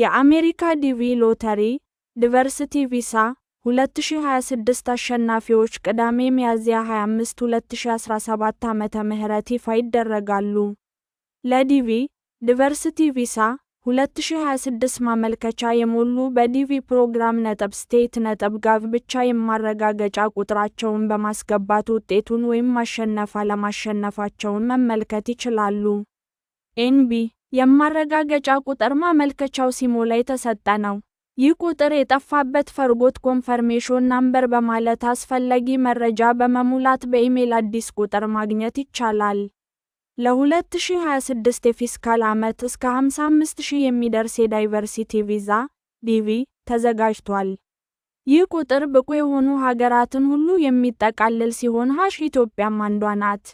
የአሜሪካ ዲቪ ሎተሪ ዲቨርሲቲ ቪሳ 2026 አሸናፊዎች ቅዳሜ ሚያዝያ 25 2017 ዓ ም ይፋ ይደረጋሉ። ለዲቪ ዲቨርሲቲ ቪሳ 2026 ማመልከቻ የሞሉ በዲቪ ፕሮግራም ነጥብ ስቴት ነጥብ ጋቭ ብቻ የማረጋገጫ ቁጥራቸውን በማስገባት ውጤቱን ወይም ማሸነፍ አለማሸነፋቸውን መመልከት ይችላሉ። ኤንቢ የማረጋገጫ ቁጥር ማመልከቻው ሲሞላ የተሰጠ ነው። ይህ ቁጥር የጠፋበት ፈርጎት ኮንፈርሜሽን ናምበር በማለት አስፈላጊ መረጃ በመሙላት በኢሜይል አዲስ ቁጥር ማግኘት ይቻላል። ለ2026 የፊስካል ዓመት እስከ 55,000 የሚደርስ የዳይቨርሲቲ ቪዛ ዲቪ ተዘጋጅቷል። ይህ ቁጥር ብቁ የሆኑ ሀገራትን ሁሉ የሚጠቃልል ሲሆን ሀሽ ኢትዮጵያም አንዷ ናት።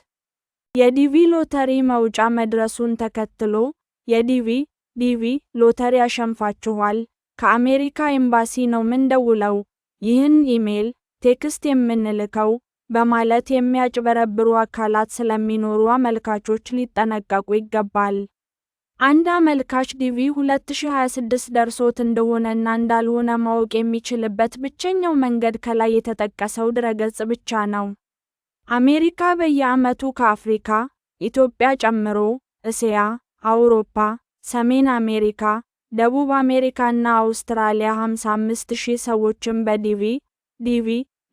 የዲቪ ሎተሪ መውጫ መድረሱን ተከትሎ የዲቪ ዲቪ ሎተሪ አሸንፋችኋል ከአሜሪካ ኤምባሲ ነው ምንደውለው ይህን ኢሜይል ቴክስት የምንልከው በማለት የሚያጭበረብሩ አካላት ስለሚኖሩ አመልካቾች ሊጠነቀቁ ይገባል። አንድ አመልካች ዲቪ 2026 ደርሶት እንደሆነና እንዳልሆነ ማወቅ የሚችልበት ብቸኛው መንገድ ከላይ የተጠቀሰው ድረገጽ ብቻ ነው። አሜሪካ በየዓመቱ ከአፍሪካ፣ ኢትዮጵያ ጨምሮ፣ እስያ፣ አውሮፓ፣ ሰሜን አሜሪካ፣ ደቡብ አሜሪካ እና አውስትራሊያ 55 ሺህ ሰዎችን በዲቪ ዲቪ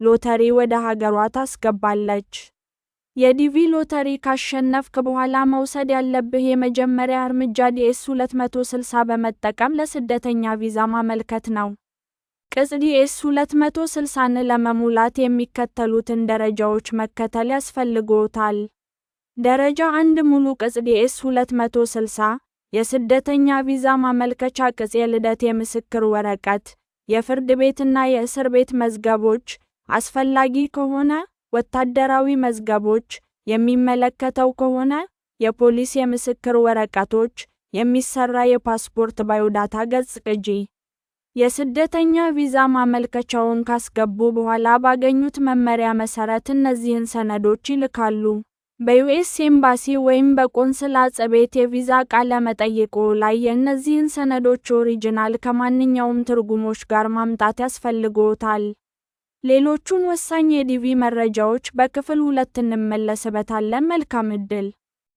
ሎተሪ ወደ ሀገሯ ታስገባለች። የዲቪ ሎተሪ ካሸነፍክ በኋላ መውሰድ ያለብህ የመጀመሪያ እርምጃ ዲኤስ 260 በመጠቀም ለስደተኛ ቪዛ ማመልከት ነው። ቅጽ ዲኤስ 260ን ለመሙላት የሚከተሉትን ደረጃዎች መከተል ያስፈልግዎታል። ደረጃ አንድ ሙሉ ቅጽ ዲኤስ 260 የስደተኛ ቪዛ ማመልከቻ ቅጽ የልደት የምስክር ወረቀት፣ የፍርድ ቤትና የእስር ቤት መዝገቦች፣ አስፈላጊ ከሆነ ወታደራዊ መዝገቦች፣ የሚመለከተው ከሆነ የፖሊስ የምስክር ወረቀቶች፣ የሚሰራ የፓስፖርት ባዮዳታ ገጽ ቅጂ። የስደተኛ ቪዛ ማመልከቻውን ካስገቡ በኋላ ባገኙት መመሪያ መሰረት እነዚህን ሰነዶች ይልካሉ። በዩኤስ ኤምባሲ ወይም በቆንስላ ጽ የቪዛ ቃለ መጠይቁ ላይ የእነዚህን ሰነዶች ኦሪጂናል ከማንኛውም ትርጉሞች ጋር ማምጣት ያስፈልግዎታል። ሌሎቹን ወሳኝ የዲቪ መረጃዎች በክፍል ሁለት እንመለስበታለን። መልካም ዕድል!